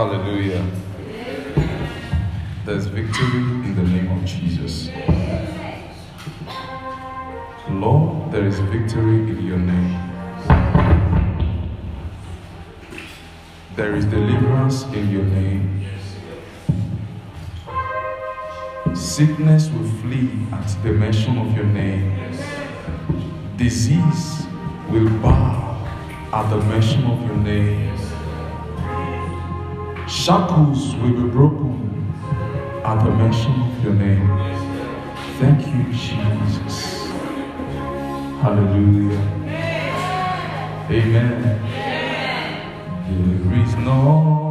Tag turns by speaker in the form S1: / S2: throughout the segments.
S1: Hallelujah. There's victory in the name of Jesus. Lord, there is victory in your name. There is deliverance in your name. Sickness will flee at the mention of your name. Disease will bow at the mention of your name shackles will be broken at the mention of your name. Thank you, Jesus. Hallelujah. Amen. There is no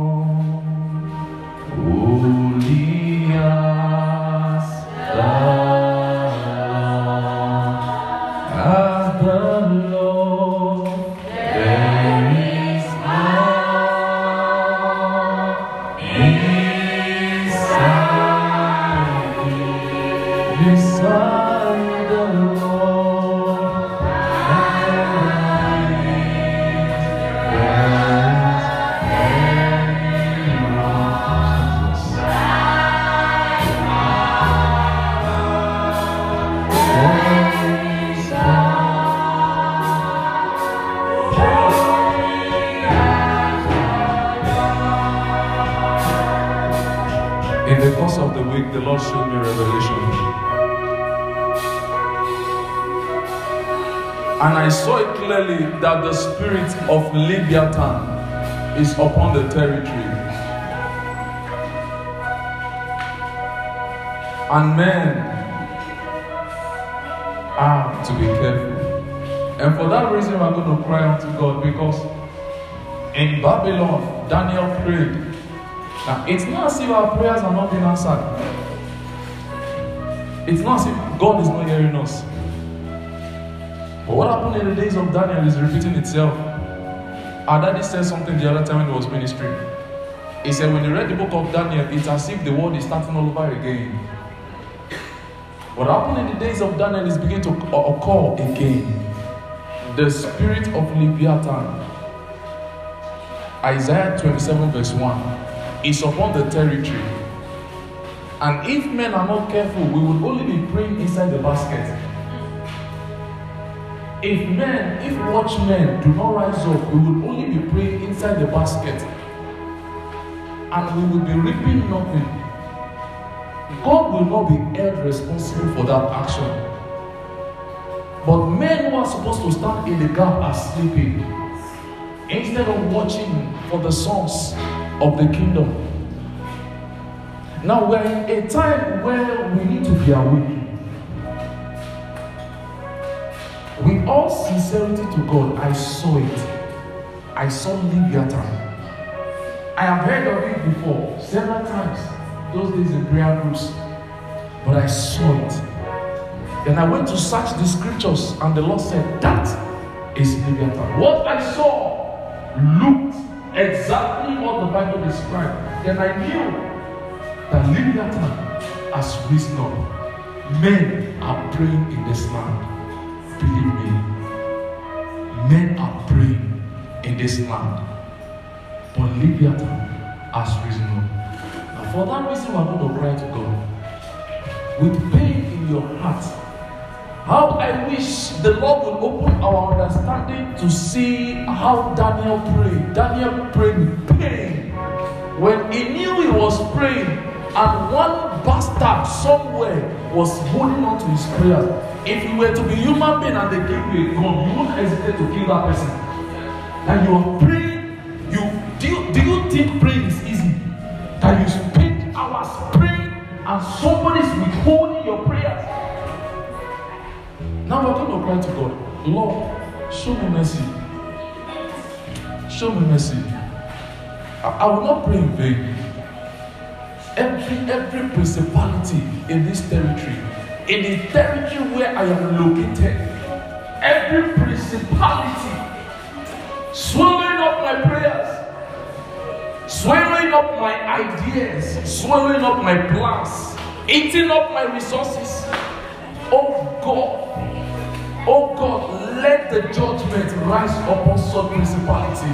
S1: In the course of the week, the Lord showed me revelation. And I saw it clearly that the spirit of Leviathan is upon the territory. And men are to be careful. And for that reason, we're going to cry out to God because in Babylon, Daniel prayed it's not as if our prayers are not being answered. It's not as if God is not hearing us. But what happened in the days of Daniel is repeating itself. Our daddy said something the other time when he was ministering. He said, when he read the book of Daniel, it's as if the world is starting all over again. What happened in the days of Daniel is beginning to occur again. The spirit of Leviathan. Isaiah 27, verse 1 is upon the territory. And if men are not careful, we would only be praying inside the basket. If men, if watchmen do not rise up, we would only be praying inside the basket. And we would be reaping nothing. God will not be held responsible for that action. But men who are supposed to stand in the gap are sleeping instead of watching for the source of the kingdom. Now we're in a time where we need to be awake. With all sincerity to God, I saw it. I saw Leviathan. I have heard of it before several times, those days in prayer groups, but I saw it. Then I went to search the scriptures, and the Lord said, That is Leviathan. What I saw looked exactly what the Bible described, then I knew that living that man as wisdom. Men are praying in this land. Believe me. Men are praying in this land. But Leviathan has reasonable. Now, for that reason, we are going to cry to God. With pain in your heart, How I wish the Lord would open our understanding to see how Daniel prayed. Daniel prayed with pain. When he knew he was praying, and one bastard somewhere was holding on to his prayer. If you were to be human being and they gave you a gun, you won't hesitate to kill that person. And you are praying, you do do you think praying is easy? That you spend hours praying and somebody's is withholding your prayers. Now we're going to cry to God, Lord, show me mercy. Show me mercy. I, I will not pray in vain. Every, every principality in this territory, in the territory where I am located, every principality swallowing up my prayers, swallowing up my ideas, swallowing up my plans, eating up my resources. Oh God, Oh God, let the judgment rise upon such principality.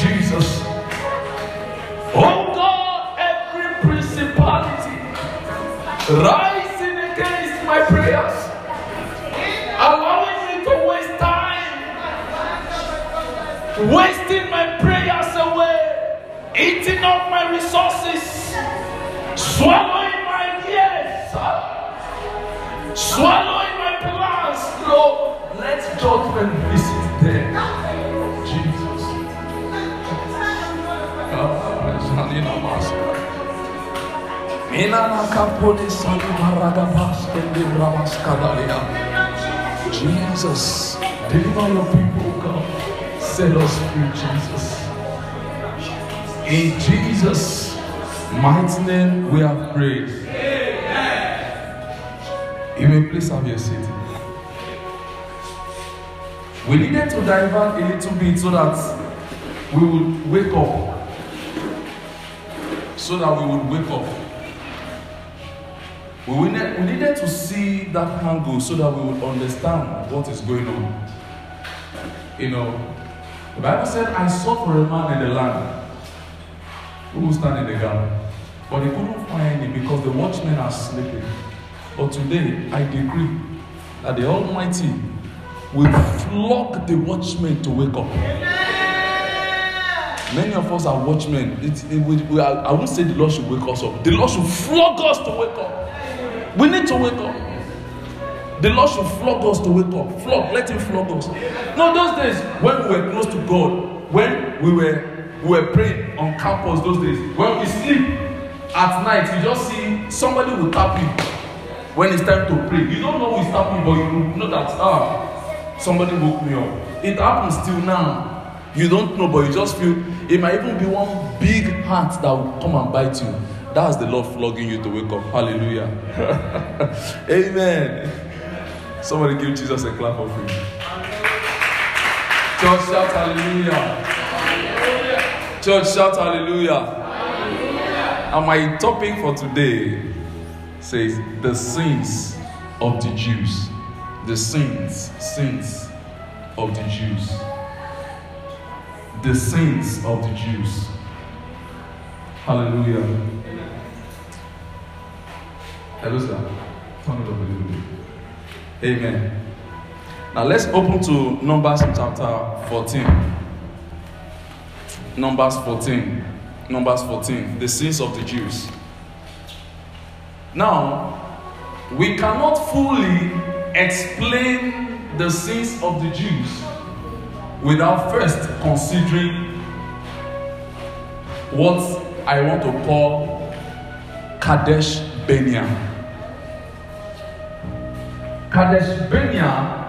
S1: Jesus. Oh God, every principality rising against my prayers, allowing me to waste time, wasting my prayers away, eating up my resources swallowing my years, swallowing my plans, Lord. Let judgment visit them. Jesus. Jesus, deliver your people, God. Set us free, Jesus. In Jesus' mighty name we have prayed. You may please have your seat. We needed to divert a little bit so that we would wake up. So that we would wake up. We, we, we needed to see that angle so that we would understand what is going on. You know, the Bible said, I saw for a man in the land who will stand in the gap. But they couldn't find any because the watchmen are sleeping. But today, I decree that the Almighty will flog the watchmen to wake up. Many of us are watchmen. It, it, we, we are, I won't say the Lord should wake us up. The Lord should flog us to wake up. We need to wake up. The Lord should flog us to wake up. Flog, let Him flog us. Now those days when we were close to God, when we were, we were praying on campus, those days, when we sleep, at night you just see somebody will tap you when it's time to pray you don't know who is tapping but you know that ah somebody woke me up it happens till now you don't know but you just feel it might even be one big hand that will come and bite you that's the lord flogging you to wake up hallelujah amen somebody give jesus a clap of him church shout hallelujah church shout hallelujah and my topic for today says the sins of the Jews. The sins, sins of the Jews. The sins of the Jews. Hallelujah. Hello, sir. Turn it up a little bit. Amen. Now let's open to Numbers chapter 14. Numbers 14. Numbers 14, the sins of the Jews. Now, we cannot fully explain the sins of the Jews without first considering what I want to call Kadesh Benia. Kadesh Benia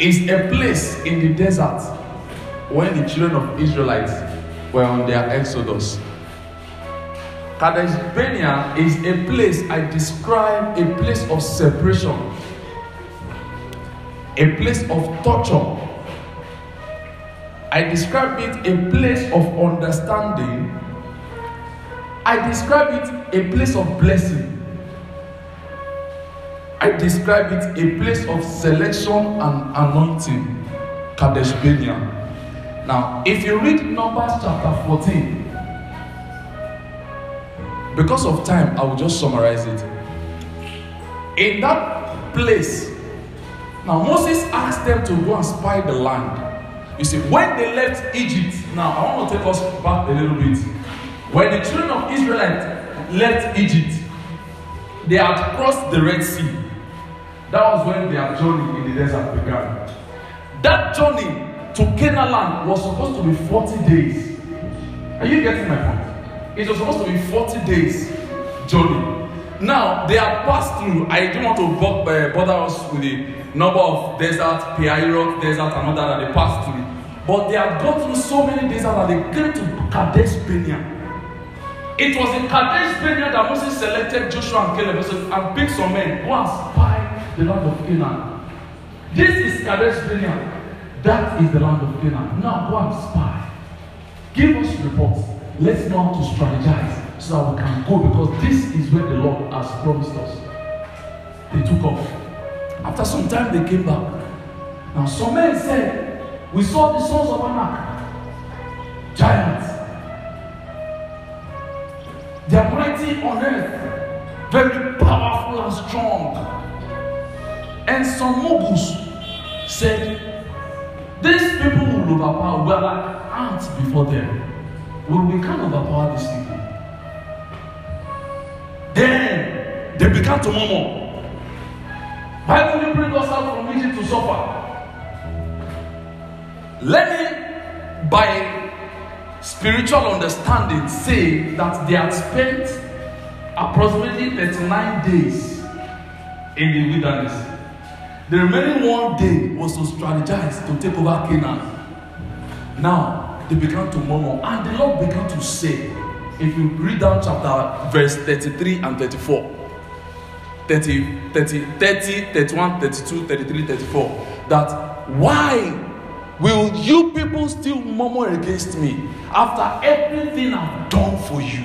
S1: is a place in the desert when the children of Israelites were on their exodus. Kadesh Barnea is a place I describe a place of separation, a place of torture. I describe it a place of understanding. I describe it a place of blessing. I describe it a place of selection and anointing. Kadesh Barnea. Now, if you read Numbers chapter 14, because of time, I will just summarize it. In that place, now Moses asked them to go and spy the land. You see, when they left Egypt, now I want to take us back a little bit. When the children of Israel left Egypt, they had crossed the Red Sea. That was when their journey in the desert began. That journey to Canaan land was supposed to be 40 days. Are you getting my point? It was supposed to be 40 days journey. Now they are passed through. I don't want to eh, bother us with the number of deserts, Peirot desert, and all that, that they passed through. But they have gone through so many deserts that they came to Kadesh Barnea. It was in Kadesh Barnea that Moses selected Joshua and Caleb said, and picked some men who are spy the land of Canaan. This is Kadesh Barnea. That is the land of Canaan. Now go and spy. Give us reports. Let's know how to strategize so that we can go because this is where the Lord has promised us. They took off. After some time, they came back. Now, some men said, We saw the sons of Anak, giants. They are plenty on earth, very powerful and strong. And some moguls said, These people will overpower. We are like ants before them. When we can overpower these people, then they began to murmur. Why did you bring us out from Egypt to suffer? Let me, by spiritual understanding, say that they had spent approximately 39 days in the wilderness. The remaining one day was to strategize to take over Canaan. Now they began to murmur, and the Lord began to say, if you read down chapter verse thirty-three and thirty-four, thirty, thirty, thirty-one, thirty-two, thirty-three, thirty-four, That why will you people still murmur against me after everything I've done for you?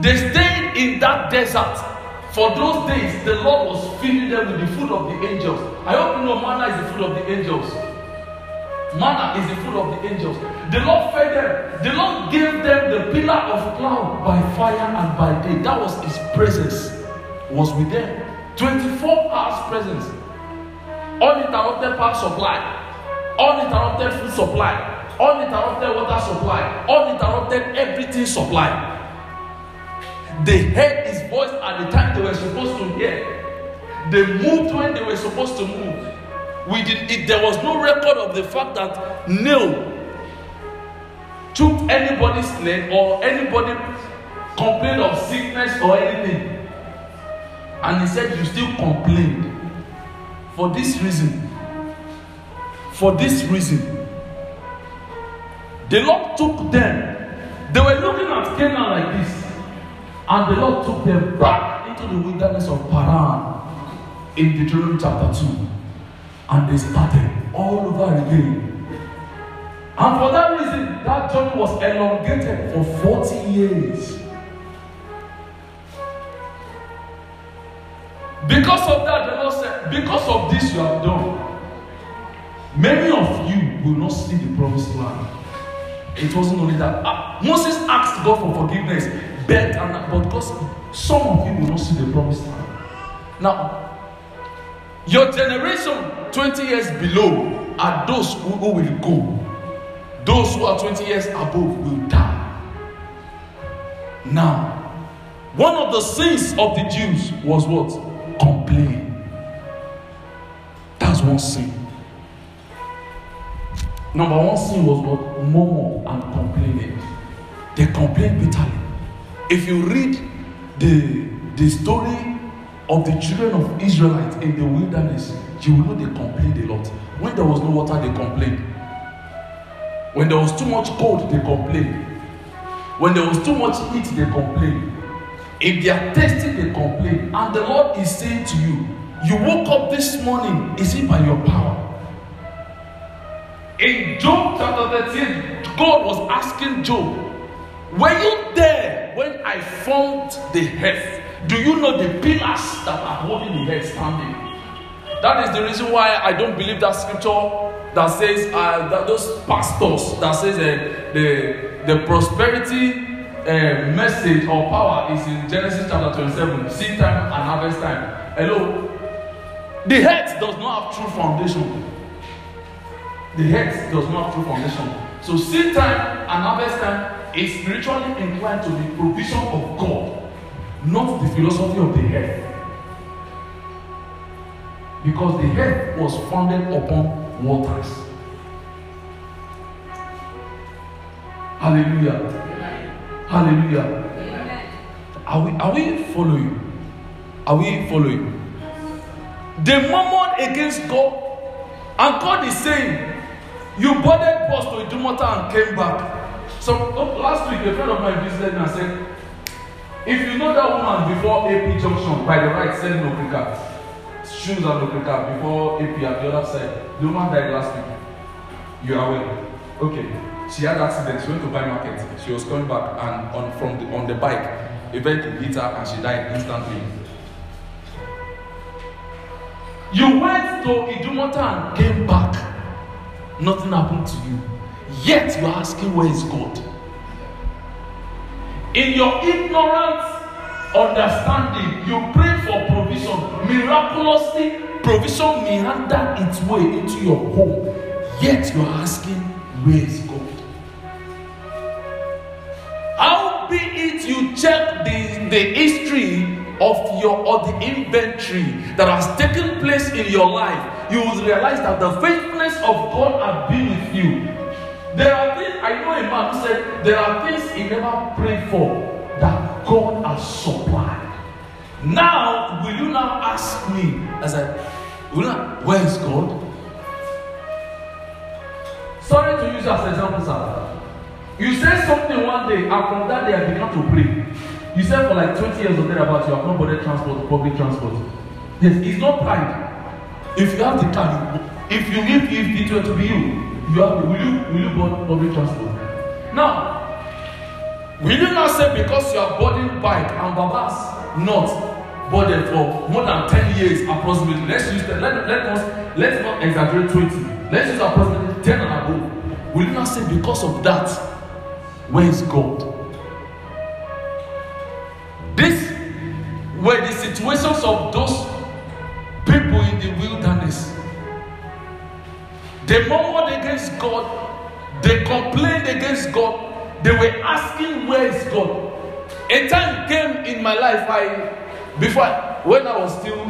S1: They stayed in that desert For those days, the Lord was feeding them with the food of the angels. I hope you know manna is the food of the angels. Manna is the food of the angels. The Lord fed them. The Lord gave them the pillar of cloud by fire and by day. That was His presence was with them. 24 hours presence. Uninterrupted power supply. Uninterrupted food supply. Uninterrupted water supply. Uninterrupted everything supply. They heard his voice at the time they were supposed to hear. They moved when they were supposed to move. We did, it, there was no record of the fact that Neil took anybody's name or anybody complained of sickness or anything. And he said, You still complained. For this reason. For this reason. The Lord took them. They were looking at Canaan like this. And the Lord took them back into the wilderness of Paran in Deuteronomy chapter 2. And they started all over again. And for that reason, that journey was elongated for 40 years. Because of that, the Lord said, Because of this you have done, many of you will not see the promised land. It wasn't only that. Ah, Moses asked God for forgiveness bet on that. But gospel, some of you will not see the promised land. Now, your generation 20 years below are those who, who will go. Those who are 20 years above will die. Now, one of the sins of the Jews was what? Complain. That's one sin. Number one sin was what? Murmur and complaining. They complained bitterly. If you read the, the story of the children of Israelites in the wilderness, you will know they complained a lot. When there was no water, they complained. When there was too much cold, they complained. When there was too much heat, they complained. If they are thirsty, they complain. And the Lord is saying to you, you woke up this morning, is it by your power? In Job chapter thirteen, God was asking Job, Were you there when I formed the earth? Do you know the pillars that are holding the earth standing? That is the reason why I don't believe that scripture that says uh, that those pastors that says uh, the the prosperity uh, message or power is in Genesis chapter twenty-seven, seed time and harvest time. Hello, the earth does not have true foundation. The earth does not have true foundation. So seed time and harvest time is spiritually inclined to the provision of God, not the philosophy of the head, Because the head was founded upon waters. Hallelujah. Amen. Hallelujah. Amen. Are we, are we following? Are we following? They murmured against God, and God is saying, You boarded bus to Idumota and came back. So oh, last week, a friend of mine visited me and said, "If you know that woman before AP Junction by the right, send no quicker shoes and no quicker before AP at the other side. The woman died last week. You are well. Okay. She had accident. She went to buy market. She was coming back and on from the, on the bike, a vehicle hit her and she died instantly." You went to Idumota and came back. Nothing happened to you. Yet you are asking, Where is God? In your ignorance, understanding, you pray for provision. Miraculously, provision may its way into your home. Yet you are asking, Where is God? How be it you check the, the history of your or the inventory that has taken place in your life, you will realize that the faithfulness of God has been with you. There are things, I know a man who said, there are things he never prayed for that God has supplied. Now, will you now ask me, as I, will not, where is God? Sorry to use as an example, sir. You said something one day, and from that day I began to pray. You said for like 20 years or thereabouts, you have not boarded transport public transport. Yes, it's not pride. If you have the time, if you if, if it were to be you, you have will you will you board public transport now will you now say because you are boarding bike and babas not boarded for more than ten years approximately let's use ten let let us let's not exaggerate twenty let's use approximately ten and above will you now say because of that where is god this were the situations of those people in the wilderness They murmured against God. They complained against God. They were asking, Where is God? A time came in my life, I, before, when I was still,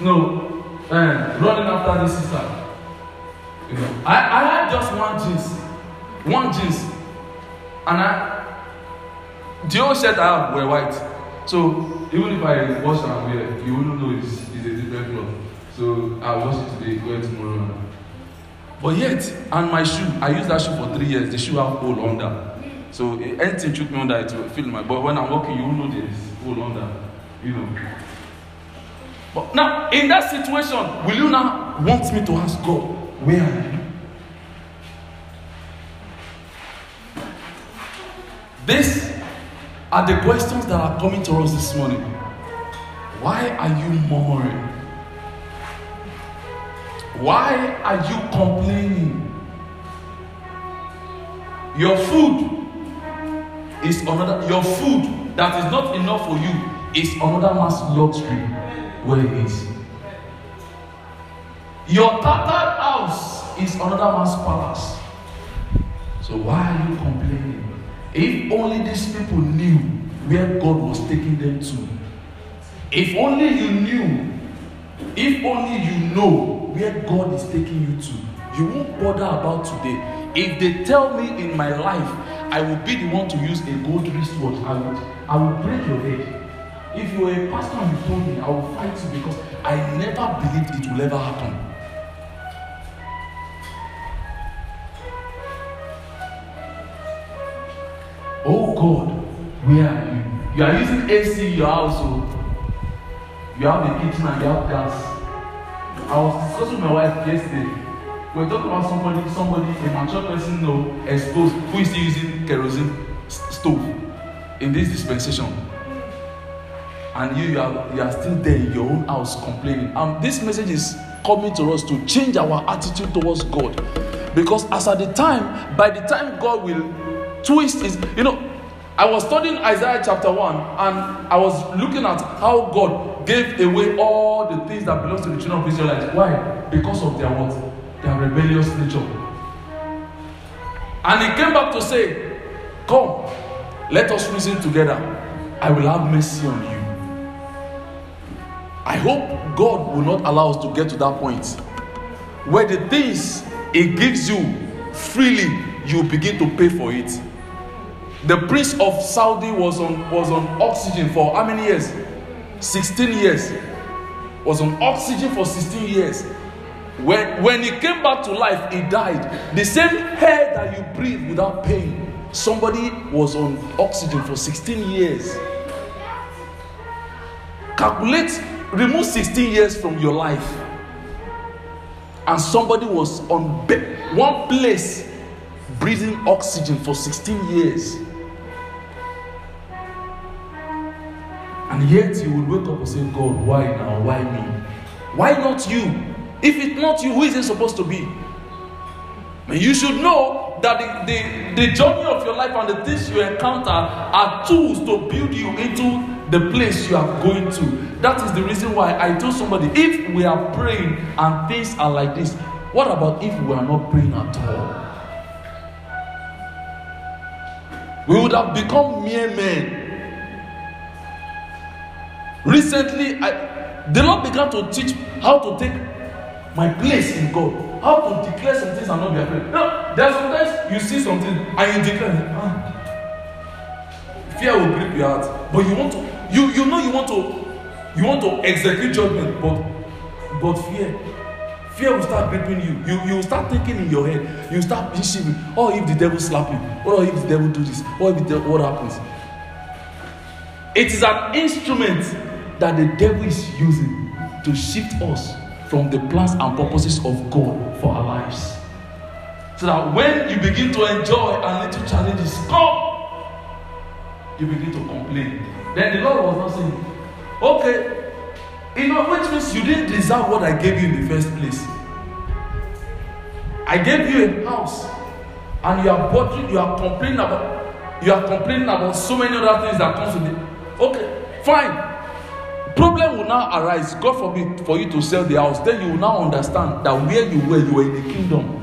S1: no, uh, running after this sister. You know, I, I had just one jeans, one jeans, and I, the old shirt I have were white. So even if I wash and wear, you wouldn't know it's, it's a different cloth. So I wash it today, wear tomorrow. But yet, and my shoe, I used that shoe for three years. The shoe have hole under. So eh, anything took me under, it will fill my. But when I'm walking, you know there's hole under. You know. But now, in that situation, will you now want me to ask God, where are you? These are the questions that are coming to us this morning. Why are you murmuring? Why are you complaining? Your food is another, your food that is not enough for you is another man's luxury where it is. Your tattered house is another man's palace. So why are you complaining? If only these people knew where God was taking them to. If only you knew If only you know where God is taking you to, you won't bother about today. If they tell me in my life, I will be the one to use a gold wristwatch, I will, I will break your head. If you were a pastor and you told me, I will fight you because I never believed it will ever happen. Oh God, where are you? You are using AC in your household. Oh you have the kitchen and you have gas. I was discussing with my wife yesterday. we're talking about somebody, somebody, a mature person no exposed who is still using kerosene stove in this dispensation. And you, you are, you are still there in your own house complaining. And this message is coming to us to change our attitude towards God. Because as at the time, by the time God will twist is you know I was studying Isaiah chapter 1 and I was looking at how God gave away all the things that belong to the children of Israelites. Why? Because of their what? Their rebellious nature. And he came back to say, Come, let us reason together. I will have mercy on you. I hope God will not allow us to get to that point where the things He gives you freely, you begin to pay for it. The prince of Saudi was on, was on oxygen for how many years? 16 years. Was on oxygen for 16 years. When, when he came back to life, he died. The same air that you breathe without pain, somebody was on oxygen for 16 years. Calculate, remove 16 years from your life. And somebody was on one place breathing oxygen for 16 years. And yet you would wake up and say, God, why now? Why me? Why not you? If it's not you, who is it supposed to be? And you should know that the, the, the journey of your life and the things you encounter are tools to build you into the place you are going to. That is the reason why I told somebody if we are praying and things are like this, what about if we are not praying at all? We would have become mere men. Recently, I, the Lord began to teach how to take my place in God, how to declare some things and not be afraid. Now, there are sometimes you see something and you declare, ah, fear will grip your heart, but you want to, you you know you want to, you want to execute judgment, but but fear fear will start gripping you you you start thinking in your head you start pinching oh if the devil slap me oh if the devil do this oh if the devil what happens it is an instrument that the devil is using to shift us from the plans and purposes of God for our lives. So that when you begin to enjoy and little challenges come, you begin to complain. Then the Lord was not saying, okay, you know, which means you didn't deserve what I gave you in the first place. I gave you a house, and you are bothering, you are complaining about, you are complaining about so many other things that comes with it. Okay, fine problem will now arise god forbid for you to sell the house then you will now understand that where you were you were in the kingdom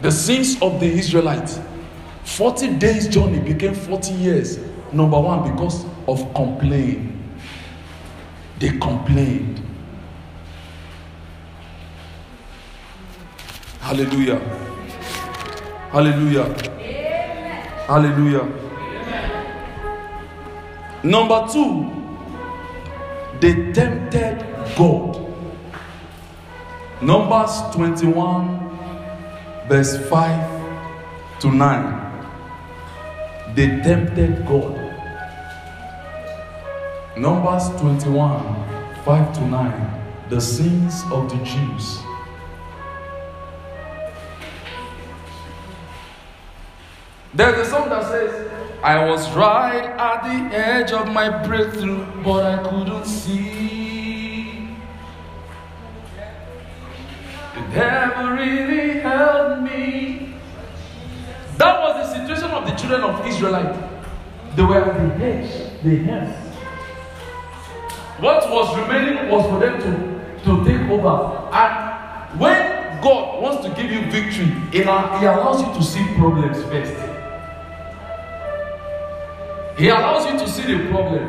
S1: the sins of the israelites forty days journey became forty years number one because of complaint. they complained hallelujah hallelujah Amen. hallelujah. Number two, they tempted God. Numbers 21, verse 5 to 9. They tempted God. Numbers 21, 5 to 9. The sins of the Jews. There's a song that says, I was right at the edge of my breakthrough, but I couldn't see. The devil really helped me. That was the situation of the children of Israelite. They were at the edge, the hands. What was remaining was for them to, to take over. And when God wants to give you victory, He allows you to see problems first. He allows you to see the problem.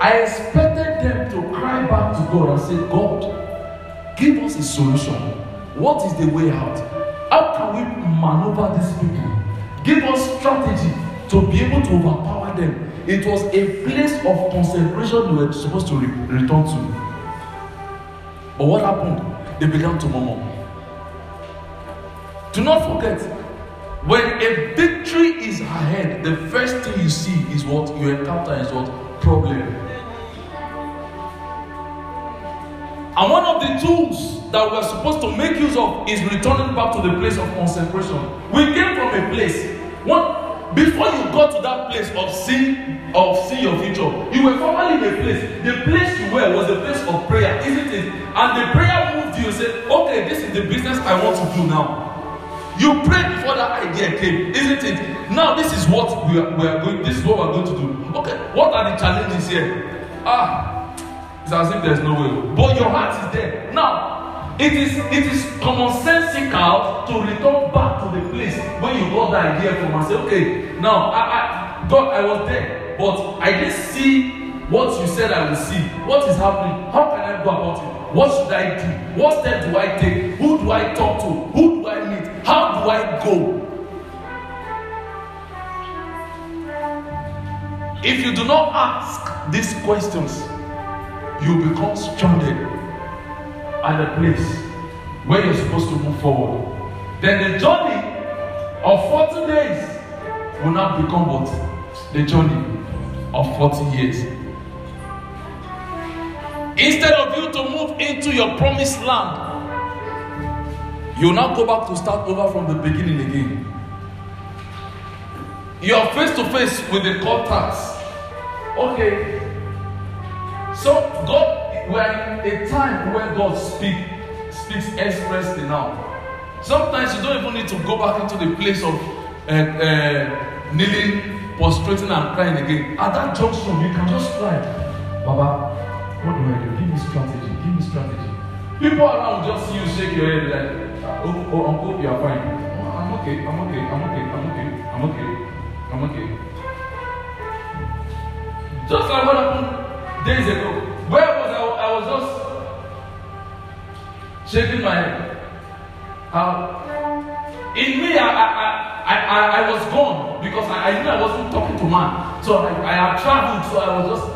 S1: I expected them to cry back to God and say, God, give us a solution. What is the way out? How can we maneuver these people? Give us strategy to be able to overpower them. It was a place of concentration we were supposed to re- return to. But what happened? They began to murmur. Do not forget, When a victory is ahead, the first thing you see is what you encounter is what problem. And one of the tools that we're supposed to make use of is returning back to the place of consecration. We came from a place. What before you got to that place of seeing of seeing your future you were formerly in a place the place you were was a place of prayer isn't it and the prayer moved you say okay this is the business i want to do now You prayed before that idea came, isn't it? Now this is what we are, we are going. This is what we are going to do. Okay, what are the challenges here? Ah, it's as if there's no way. But your heart is there. Now, it is it is commonsensical to return back to the place when you got that idea from and say, okay, now I, I God, I was there, but I didn't see what you said I will see. What is happening? How can I go about it? What should I do? What step do I take? Who do I talk to? Who How do I go? If you do not ask these questions, you become stranded at the place where you're supposed to move forward. Then the journey of 40 days will not become what? The journey of 40 years. Instead of you to move into your promised land, You now go back to start over from the beginning again. You are face to face with the contacts. Okay. So God, we in a time where God speak, speaks expressly now. Sometimes you don't even need to go back into the place of uh, uh, kneeling, prostrating, and crying again. At that junction, you can just cry. Baba, what do I do? Give me strategy. Give me strategy. People around just see you shake your head like. Oh, oh, uncle, you are fine. Oh, I'm okay, I'm okay, I'm okay, I'm okay, I'm okay, I'm okay. Just like what happened days ago, where was I? I was just shaking my head. How? in me, I, I, I, I, I was gone because I, I knew I wasn't talking to man. So I, I had traveled, so I was just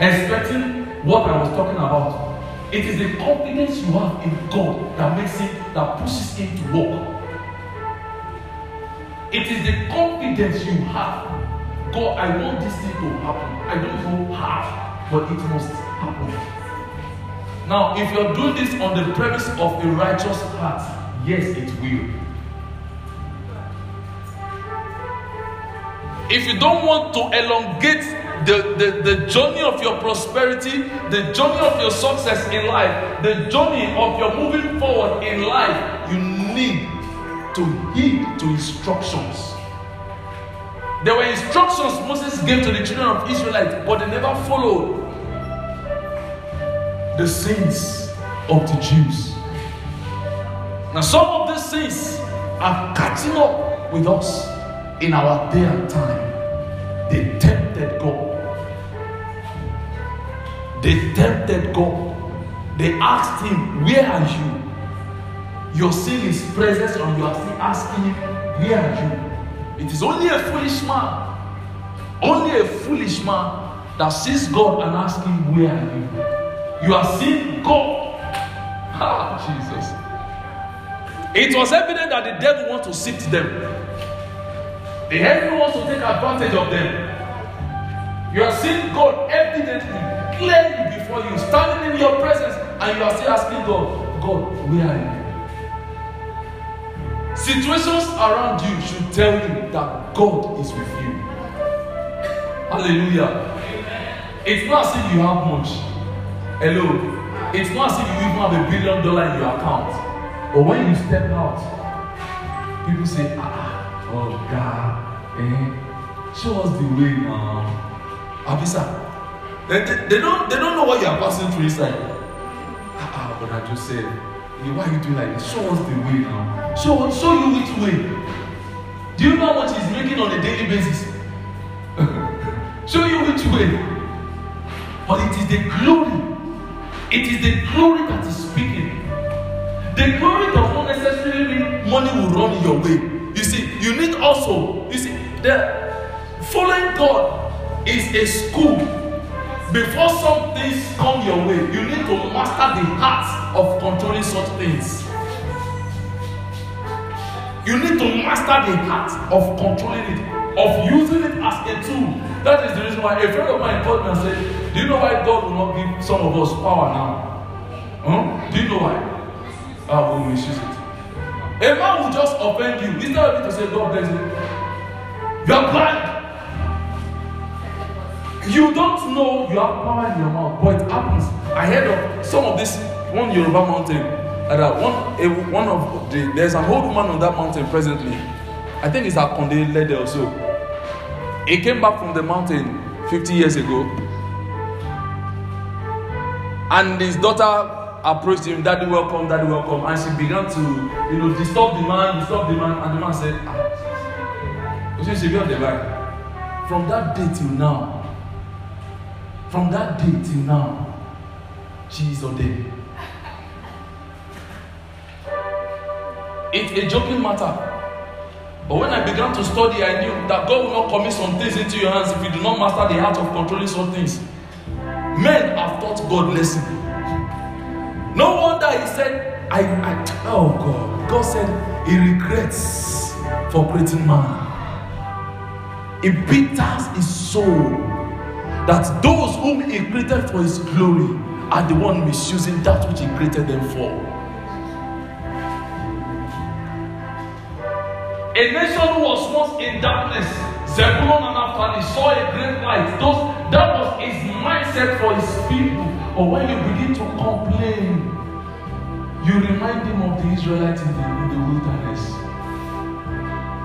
S1: expecting what I was talking about. It is the confidence you have in God that makes it, that pushes him to walk. It is the confidence you have. God, I want this thing to happen. I don't know how, but it must happen. Now, if you're doing this on the premise of a righteous heart, yes, it will. If you don't want to elongate the, the, the journey of your prosperity, the journey of your success in life, the journey of your moving forward in life, you need to heed to instructions. There were instructions Moses gave to the children of Israelites, but they never followed. The sins of the Jews. Now, some of these sins are catching up with us in our day and time. They tempted God. They asked him, Where are you? Your sin is present on you. Are still asking him, Where are you? It is only a foolish man, only a foolish man that sees God and asks him, Where are you? You are seeing God. Ah, Jesus. It was evident that the devil wants to sift them. The enemy wants to take advantage of them. You are seeing God evidently clearly before you, standing in your presence, and you are still asking God, God, where are you? Situations around you should tell you that God is with you. Hallelujah. It's not as if you have much. Hello. It's not as if you even have a billion dollars in your account. But when you step out, people say, ah, ah oh God, eh, show us the way now. Abisa, They, they, they, don't, they don't know what you are passing through. It's like, ah, but ah, I just said, hey, why are you doing like this? Show us the way now. Show, show you which way. Do you know what he's making on a daily basis? show you which way. But it is the glory. It is the glory that is speaking. The glory does not necessarily mean money will run your way. You see, you need also, you see, the following God is a school before some things come your way you need to master the art of controlling such things you need to master the art of controlling it of using it as a tool that is the reason why a friend of mine called me and said do you know why god will not give some of us power now huh? do you know why ah we will misuse it a man will just offend you instead of you to say god bless you you are blind You don't know you have power in your mouth, but it happens. I heard of some of this one Yoruba mountain. That uh, one, a, one of the there's an old woman on that mountain presently. I think it's Akonde Lede or so. He came back from the mountain 50 years ago, and his daughter approached him, Daddy, welcome, Daddy, welcome, and she began to, you know, disturb the man, disturb the man, and the man said, Ah, she should be on the bike. From that day till now, From that day till now, she is ordained. It's a joking matter. But when I began to study, I knew that God will not commit some things into your hands if you do not master the art of controlling some things. Men have taught God lesson. No wonder he said, I, I tell God. God said he regrets for creating man. He bitters his soul that those whom he created for his glory are the one misusing that which he created them for. A nation who was once in darkness, Zebulon and Naphtali saw a great light. Those, that was his mindset for his people. But when you begin to complain, you remind them of the Israelites in the, in the wilderness.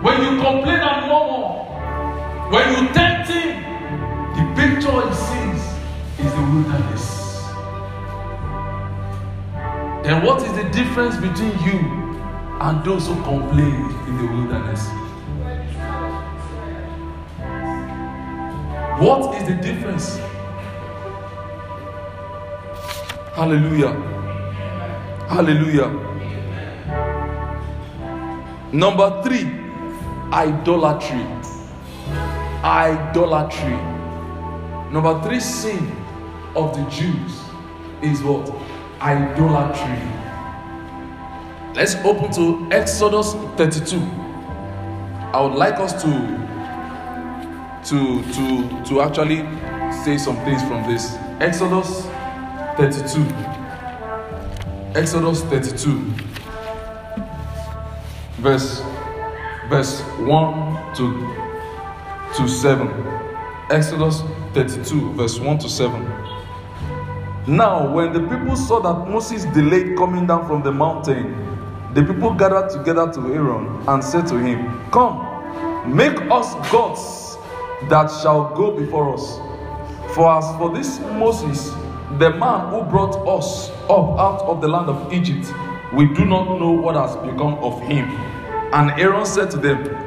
S1: When you complain and murmur, when you tempt him, victor he sees is the wilderness. Then what is the difference between you and those who complain in the wilderness? What is the difference? Hallelujah. Hallelujah. Number three, idolatry. Idolatry. Number three sin of the Jews is what? Idolatry. Let's open to Exodus 32. I would like us to to to to actually say some things from this. Exodus 32. Exodus 32 verse verse 1 to to 7. Exodus 32, verse 1 to 7. Now, when the people saw that Moses delayed coming down from the mountain, the people gathered together to Aaron and said to him, Come, make us gods that shall go before us. For as for this Moses, the man who brought us up out of the land of Egypt, we do not know what has become of him. And Aaron said to them,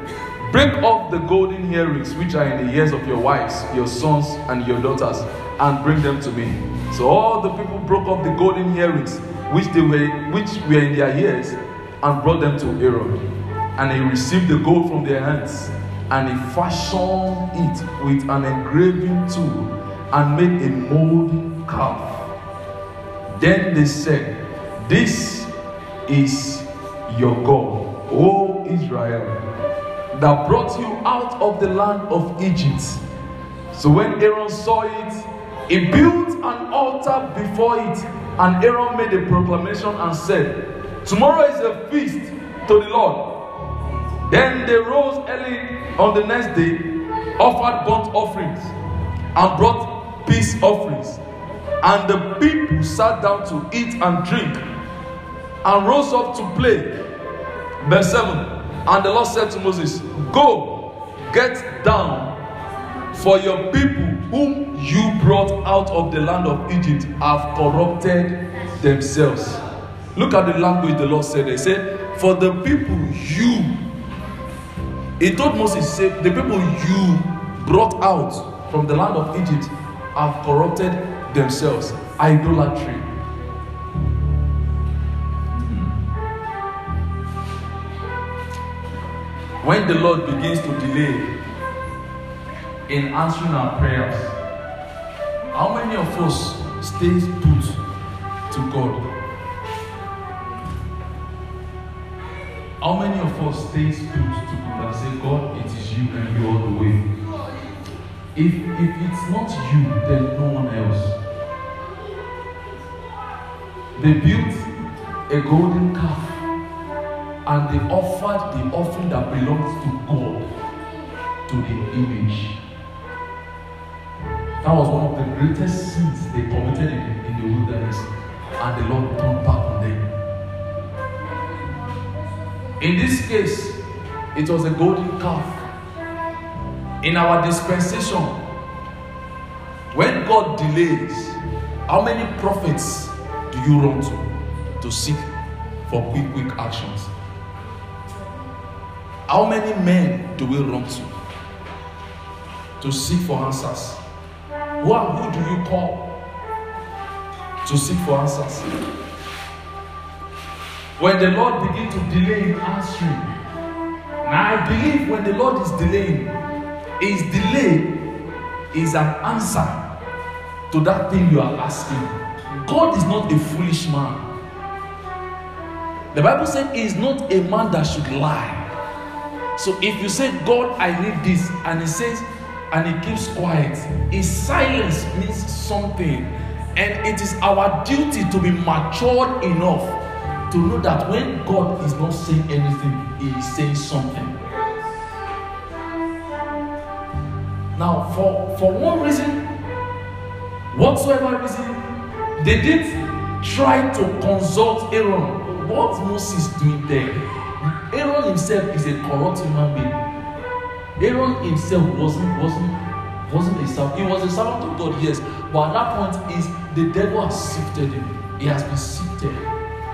S1: Bring off the golden earrings which are in the ears of your wives, your sons, and your daughters, and bring them to me. So all the people broke off the golden earrings which they were which were in their ears and brought them to Aaron. And he received the gold from their hands, and he fashioned it with an engraving tool and made a molding calf. Then they said, This is your God, O Israel that brought you out of the land of Egypt. So when Aaron saw it, he built an altar before it, and Aaron made a proclamation and said, Tomorrow is a feast to the Lord. Then they rose early on the next day, offered burnt offerings, and brought peace offerings. And the people sat down to eat and drink, and rose up to play. Verse 7 And the Lord said to Moses, Go, get down, for your people whom you brought out of the land of Egypt have corrupted themselves. Look at the language the Lord said. He said, For the people you, he told Moses, he said, The people you brought out from the land of Egypt have corrupted themselves. Idolatry. when the Lord begins to delay in answering our prayers, how many of us stay put to God? How many of us stay put to God and say, God, it is you and you all the way? If, if it's not you, then no one else. They built a golden calf and they offered the offering that belongs to God to the image. That was one of the greatest sins they committed in, in the wilderness, and the Lord turned back on them. In this case, it was a golden calf. In our dispensation, when God delays, how many prophets do you run to to seek for quick, quick actions? How many men do we run to? To seek for answers. Who, are, who do you call to seek for answers? When the Lord begins to delay in answering, now I believe when the Lord is delaying, His delay is an answer to that thing you are asking. God is not a foolish man. The Bible says he is not a man that should lie. So if you say, God, I need this, and He says, and He keeps quiet, His silence means something. And it is our duty to be matured enough to know that when God is not saying anything, He is saying something. Now, for, for one reason, whatsoever reason, they did try to consult Aaron. What Moses doing there? Aaron himself is a corrupt human being. Aaron himself wasn't wasn't wasn't a servant. He was a servant of God, yes. But at that point is the devil has sifted him. He has been sifted.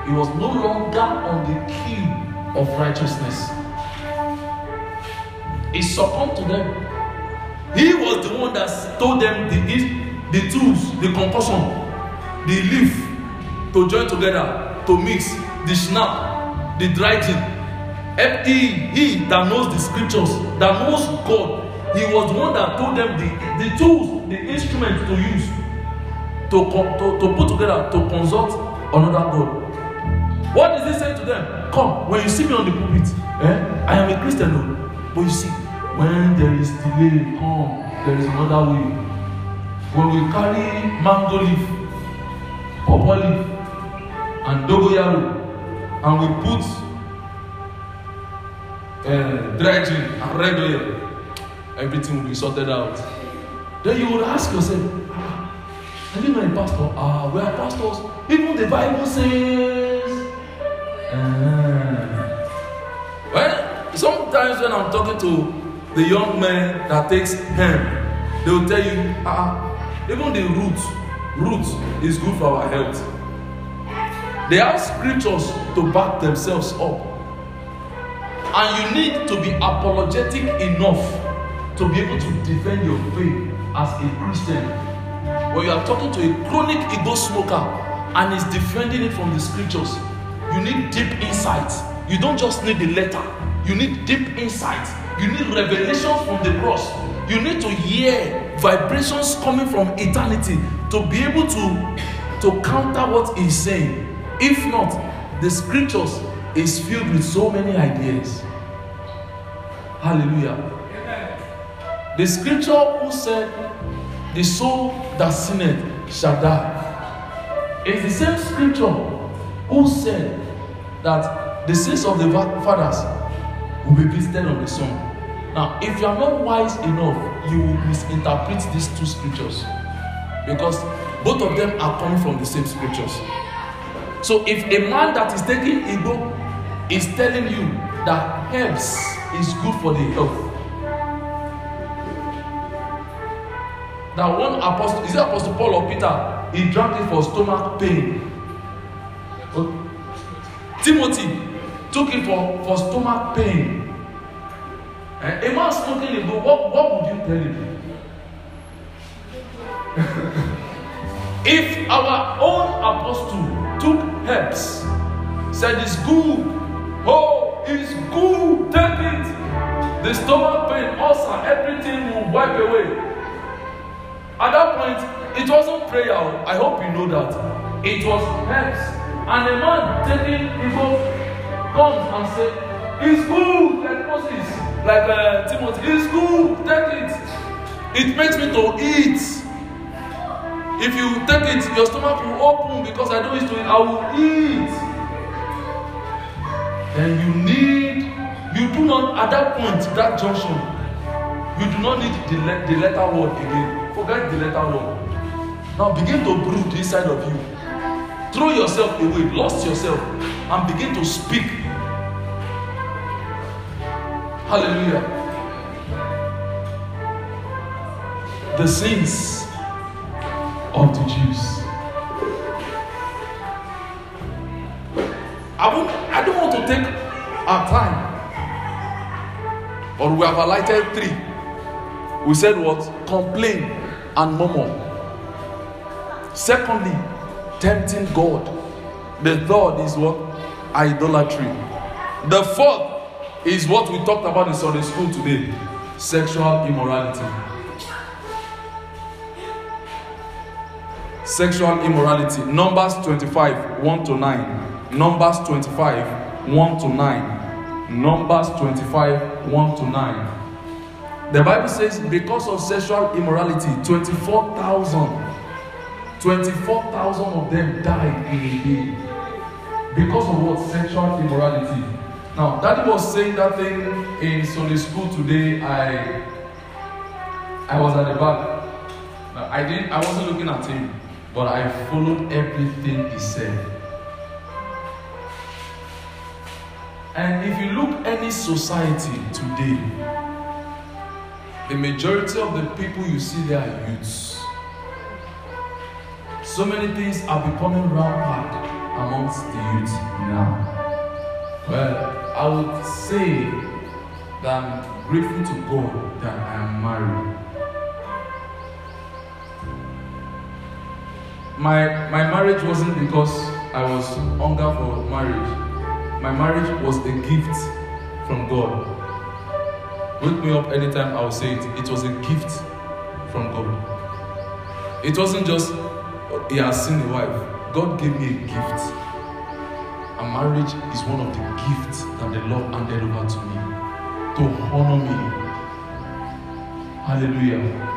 S1: He was no longer on the key of righteousness. He succumbed to them. He was the one that told them the the tools, the concussion, the leaf to join together, to mix, the snap, the dry thing And he, he that knows the scriptures, that knows God, he was the one that told them the, the tools, the instruments to use to, to, to put together, to consult another God. What does he say to them? Come, when you see me on the pulpit, eh, I am a Christian, though. But you see, when there is delay, come, there is another way. When we carry mango leaf, pawpaw leaf, and dogoyaro, and we put and eh, dredging and regular, everything will be sorted out. Then you would ask yourself, ah, are you not a pastor? Ah, we are pastors. Even the Bible says. Ah. Well, sometimes when I'm talking to the young man that takes hemp, they will tell you, ah, even the root, root is good for our health. They have scriptures to back themselves up. And you need to be apologetic enough to be able to defend your faith as a Christian. When you are talking to a chronic ego smoker and is defending it from the scriptures, you need deep insight. You don't just need the letter, you need deep insight. You need revelation from the cross. You need to hear vibrations coming from eternity to be able to, to counter what he's saying. If not, the scriptures is filled with so many ideas. Hallelujah. The scripture who said, The soul that sinneth shall die. is the same scripture who said that the sins of the fathers will be visited on the son. Now, if you are not wise enough, you will misinterpret these two scriptures because both of them are coming from the same scriptures. So, if a man that is taking Igbo is telling you that herbs is good for the health. That one apostle, is it Apostle Paul or Peter? He drank it for stomach pain. Oh. Timothy took it for, for stomach pain. Eh? A man smoking it, but what, what would you tell him? if our own apostle took herbs, said it's good Oh, it's good. Take it. The stomach pain, ulcer, everything will wipe away. At that point, it wasn't prayer. I hope you know that. It was herbs. And a man taking evil comes and says, It's good, like Moses, like uh, Timothy. It's good, take it. It makes me to eat. If you take it, your stomach will open because I know it's doing. I will eat then you need you do not at that point that junction you do not need the le the letter word again forget the letter word now begin to breathe inside of you throw yourself away lost yourself and begin to speak hallelujah the sins of the jews. I, won't, I don't want to take our time. But we have highlighted three. We said what? Complain and murmur. Secondly, tempting God. The third is what? Idolatry. The fourth is what we talked about in Sunday school today sexual immorality. Sexual immorality. Numbers 25 1 to 9. Numbers 25, 1 to 9. Numbers 25, 1 to 9. The Bible says, because of sexual immorality, 24,000 24,000 of them died in a day because of what? Sexual immorality. Now, Daddy was saying that thing in Sunday school today. I I was at the back. I didn't. I wasn't looking at him, but I followed everything he said. And if you look any society today, the majority of the people you see there are youths. So many things are becoming rampant amongst the youth now. Well, I would say that I'm grateful to God that I am married. My, my marriage wasn't because I was hunger for marriage my marriage was a gift from God. Wake me up anytime I'll say it. It was a gift from God. It wasn't just he has seen a wife. God gave me a gift. A marriage is one of the gifts that the Lord handed over to me to honor me. Hallelujah.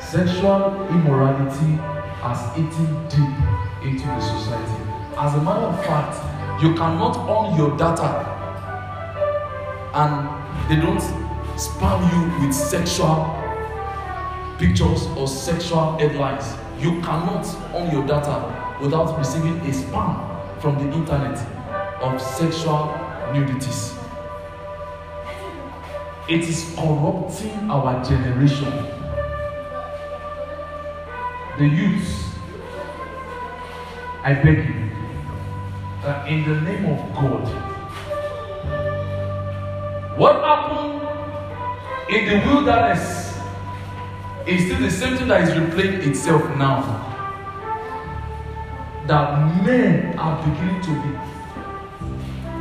S1: Sexual immorality has eaten deep into the society. As a matter of fact, You cannot own your data and they don't spam you with sexual pictures or sexual headlines. You cannot own your data without receiving a spam from the internet of sexual nudities. It is corrupting our generation. The youth, I beg you, that in the name of God, what happened in the wilderness is still the same thing that is replaying itself now. That men are beginning to be,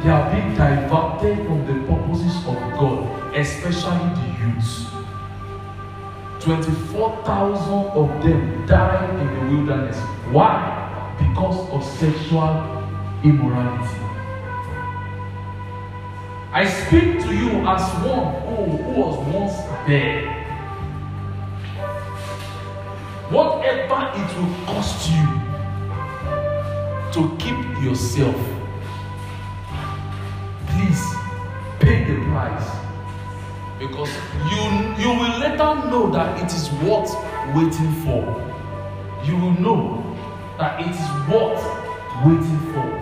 S1: they are being diverted from the purposes of God, especially the youths. 24,000 of them died in the wilderness. Why? Because of sexual immorality. I speak to you as one who, who was once there. Whatever it will cost you to keep yourself, please pay the price because you, you will later know that it is worth waiting for. You will know that it is worth waiting for.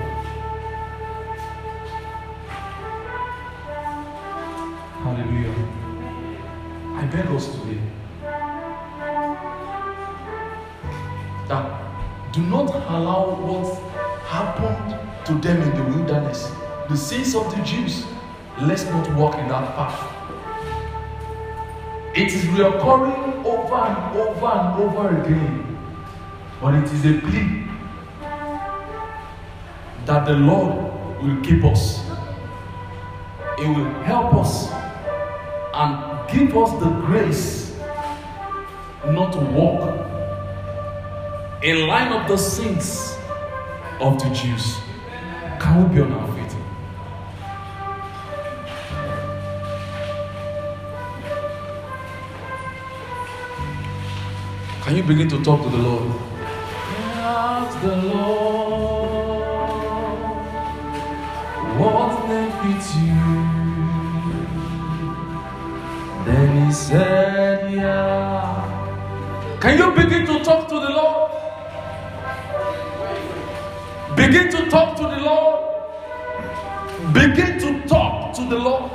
S1: Hallelujah. I beg us today that do not allow what happened to them in the wilderness, the sins of the Jews, let's not walk in that path. It is recurring over and over and over again, but it is a plea that the Lord will keep us. It will help us and give us the grace not to walk in line of the sins of the Jews. Can we be on our feet? Can you begin to talk to the Lord? Ask the Lord. said, Can you begin to talk to the Lord? Begin to talk to the Lord. Begin to talk to the Lord.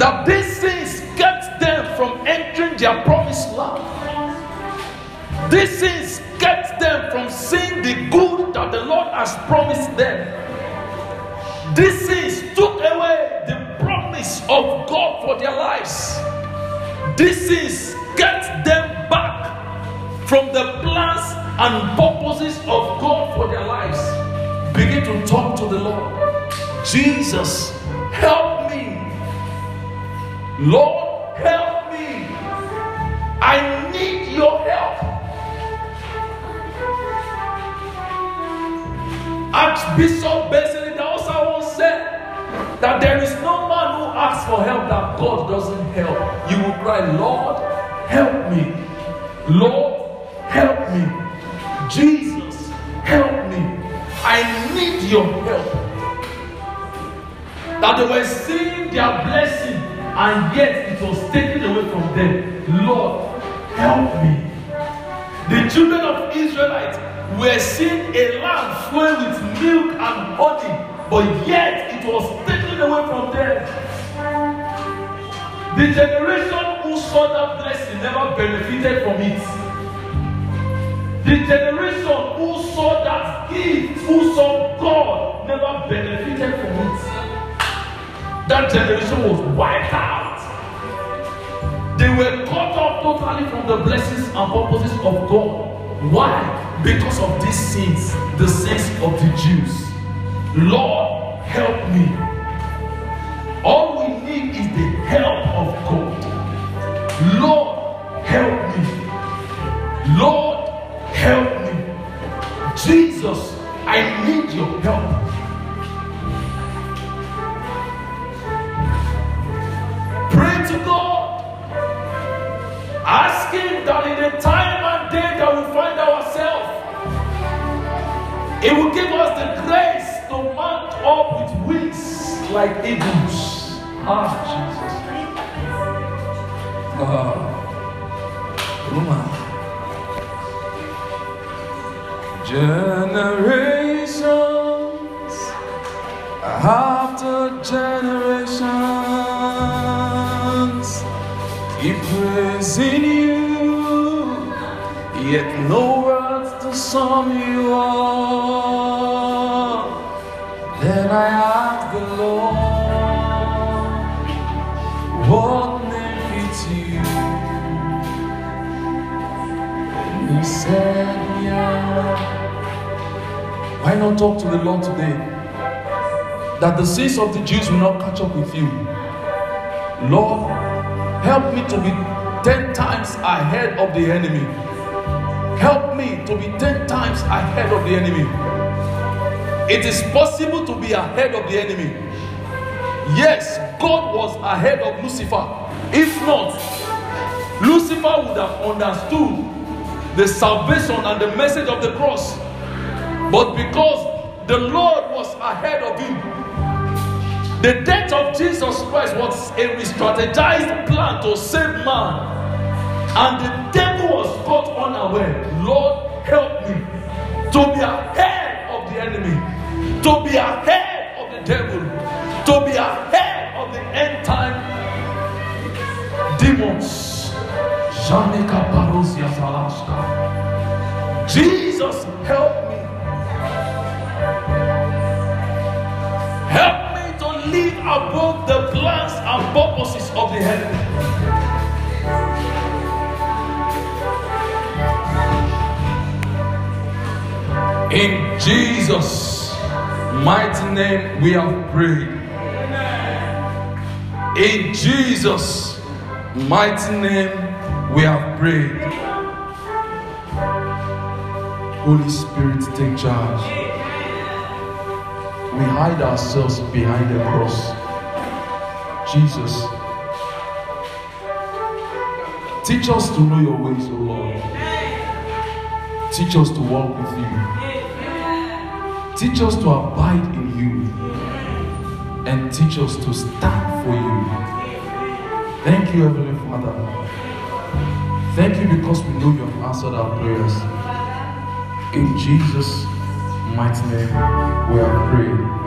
S1: That these things kept them from entering their promised land. These things kept them from seeing the good that the Lord has promised them. These things for their lives. This is get them back from the plans and purposes of God for their lives. Begin to talk to the Lord. Jesus, help me. Lord, help me. I need your help. this. cry, Lord, help me. Lord, help me. Jesus, help me. I need your help. That they were seeing their blessing and yet it was taken away from them. Lord, help me. The children of Israelites were seeing a land swelled with milk and honey, but yet it was taken away from them. The generation other blessing never benefited from it. The generation who saw that gift, who saw God, never benefited from it. That generation was wiped out. They were cut off totally from the blessings and purposes of God. Why? Because of these sins, the sins of the Jews. Lord, help me. All we need is the help of God. Lord, help me. Lord, help me. Jesus, I need your help. Pray to God. Ask Him that in the time and day that we find ourselves, it will give us the grace to mount up with wings like eagles. Ah. Just talk to the Lord today that the sins of the Jews will not catch up with you. Lord, help me to be 10 times ahead of the enemy. Help me to be 10 times ahead of the enemy. It is possible to be ahead of the enemy. Yes, God was ahead of Lucifer. If not, Lucifer would have understood the salvation and the message of the cross. But because the Lord was ahead of him. The death of Jesus Christ was a strategized plan to save man. And the devil was caught unaware. Lord, help me to be ahead of the enemy, to be ahead of the devil, to be ahead of the end time demons. Jesus, help me. live above the plans and purposes of the enemy. In Jesus' mighty name, we have prayed. In Jesus' mighty name, we have prayed. Holy Spirit, take charge. We hide ourselves behind the cross. Jesus, teach us to know your ways, O Lord. Teach us to walk with you. Teach us to abide in you. And teach us to stand for you. Thank you, Heavenly Father. Thank you because we know you have answered our prayers. In Jesus' mighty name we are praying.